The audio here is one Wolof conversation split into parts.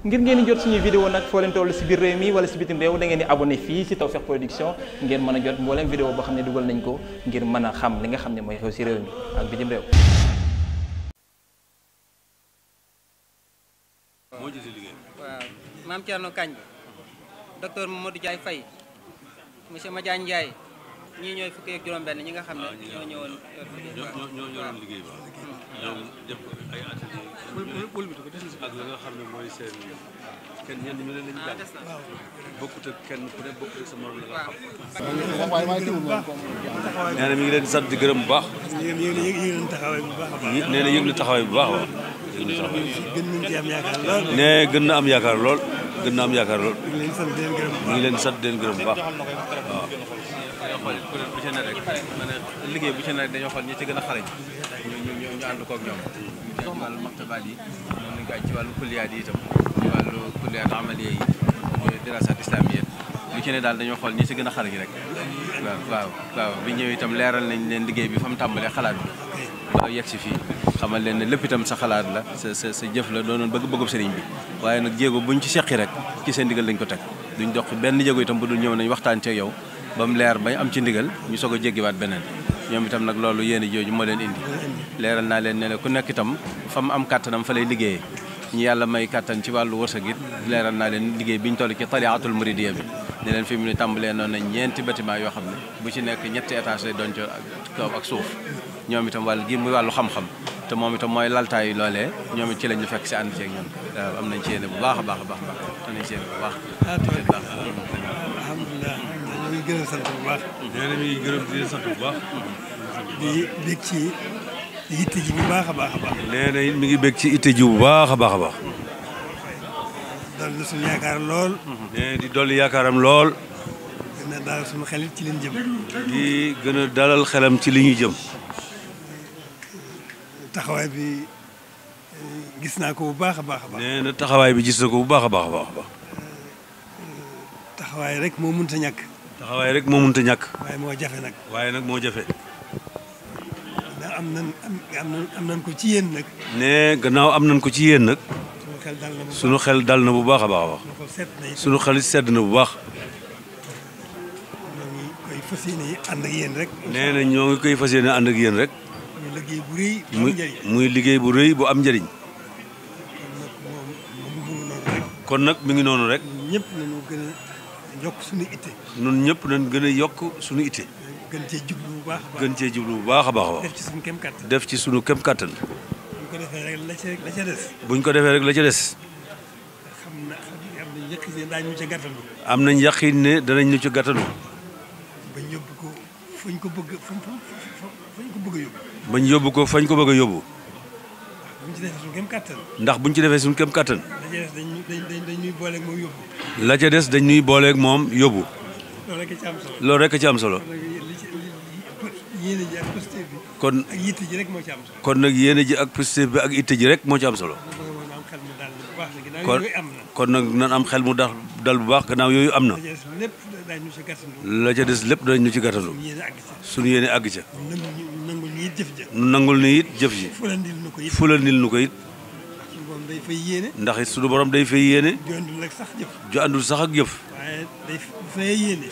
ngir ngeen jot suñu vidéo nag foo leen toll si biir réew mi wala si bitim réew da ngeen di abonné fii si Tawfekh Production ngeen mën a jot mbooleem vidéo boo xam ne dugal nañ ko ngir mën a xam li nga xam ne mooy xew si réew mi ak bitim réew moo jiite liggéey waaw maam Thierno Kagne docteur Mamadou Diaye Faye monsieur Madiagne Ndiaye ñii ñooy fukki ak juróom-benn ñi nga xam ne ah, ñoo ñëwoon. ñoo ñoo ñëwoon liggéey ba ah. ñoom def ko ay atelier. ak la nga xam ne mooy seen kenn ñenn ñu leen lañu ah, jàng. bokkut ak kenn ku ne bokkut ak sa morom la nga xam. nee na mi ngi leen di sant di gërëm bu baax. yéen taxawaay bu baax a baax. nee na yëg na taxawaay bu baax a baax. yëg na taxawaay bu baax gën na am yaakaar lool. gën na am yaakaar lool. mi ngi leen di sant di leen gërëm bu baax. waaw. xool rek liggéey bu ci ne rek dañoo xool ñi ci gën a xarañ ñu ñu ñu ànd koog ñoom ci wàllu maktabaat yi noonu lañ ko aj ci wàllu kulliyaat yi itam ci ci ne daal dañoo xool ñi ci gën a xarañ rek waaw waaw bi ñëw itam leeral nañ leen liggéey bi fa tàmbalee xalaat bi waaw yegg si fii xamal leen ne lépp itam sa xalaat la sa sa sa jëf la doonoon bëgg bëggub sëriñ bi waaye nag jéego buñ ci seqi rek ci seen digal lañ ko teg duñ dox benn jéego itam bu dul ñëw nañ waxtaan ceeg yow ba mu leer bañ am ci ndigal ñu soog a jéggiwaat beneen ñoom itam nag loolu yéen jooju moo leen indi leeral naa leen ne ne ku nekk itam fa mu am kàttanam fa lay liggéeye ñu yàlla may kàttan ci wàllu wërsëg it leeral naa leen liggéey bi ñu toll ci taliatul muridiyya bi ne leen fi mu ne tàmbalee noonu nañ ñeenti bâtiment yoo xam ne bu ci nekk ñetti étage lay doon kaw ak suuf ñoom itam wàllu gi muy wàllu xam-xam te moom itam mooy laltaayu loolee ñoom it ci lañu fekk si ànd ceeg ñoom am nañ ci yéene bu baax a baax a baax baax te nañ ci yéene bu ngi gërëm sant bu baax. nee na mi ngi gërëm di leen sant bu baax. di bég ci yitte ji bu baax a baax a baax. nee na it mi ngi bég ci yitte ji bu baax a baax a baax. dolli na suñu yaakaar lool. nee di dolli yaakaaram lool. gën a dalal suñu xel ci li ñu jëm. di gën a dalal xelam ci li ñu jëm. taxawaay bi gis naa ko bu baax a baax a baax. nee na taxawaay bi gis na ko bu baax a baax a baax. taxawaay rek moo mënta ñàkk. taxawaay rek moo mënta ñàkk. waaye moo jafe nag. waaye nag moo jafe. gannaaw am nan am nan ko ci yéen nag. ne gannaaw am nan ko ci yéen nag. sunu xel dal na bu baax a baax a baax. sunu xel sedd na bu baax. fas yéen rek. nee na ñoo ngi koy fas ànd ak yéen rek. muy liggéey bu rëy bu am njëriñ. muy liggéey bu rëy bu am njëriñ. kon nag mu ngi noonu rek. ñëpp nañu gën yokk suñu itte. ñun ñëpp nañ gën a yokk suñu itte. gën cee jublu bu baax a baax gën cee jublu bu baax a baax. def ci suñu kem kattan def ci suñu kem kattan. buñ ko defee rek la ca des. buñ ko defee rek la ca des. xam na am nañ yaqin ne daañu ca gàttandu. am nañ yaqin ne danañ ñu ca gàttandu. bañ yóbbu ko fañ ko bëgg fañ ko bëgg a yóbbu. bañ yóbbu ko fañ ko bëgg a yóbbu. ci defee suñu ndax buñ ci defee suñu kem kàttan la ca des dañ ñuy booleeg moom yóbbu. la ca des dañ ñuy booleeg moom yóbbu. loolu rek ci am solo. loolu rek ci kon ak ji rek moo ci am kon nag yéene ji ak positif bi ak yitte ji rek moo ci am solo. kon kon nag nan am xel mu dal bu baax gannaaw yooyu am na. la ca des lépp danañ ñu ci gàttandu suñu yéene àgg ca nu nangul ni it jëf ji fulal nil nu ko it ndax it suñu borom day fay yéene ju àndul sax ak jëf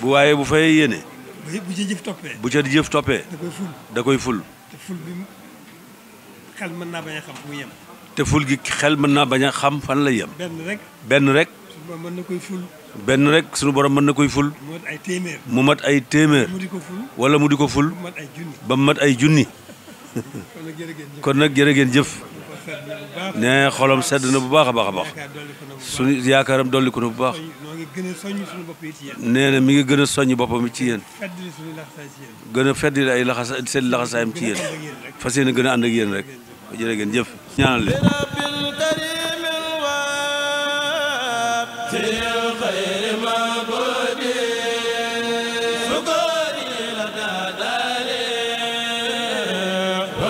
bu waaye bu fayee yéene bu ca jëf toppee bu ca jëf toppee da koy ful xel mën naa bañ xam te ful gi xel mën naa bañ a xam fan lay yem benn rek benn rek sunu borom mën na koy ful. mu mat ay téeméer. mu mat ay téeméer. wala mu di ko ful. ba mu mat ay junni. kon nag jërë ngeen jëf. nee xolam sedd na bu baax a baax a baax. sunu yaakaaram dolliku na bu baax. nee na mi ngi gën a boppa boppam ci yéen. gën a feddil ay laxas seen laxasaayam ci yéen. fas yéene gën a yéen rek. jërë ngeen jëf ñaanal leen.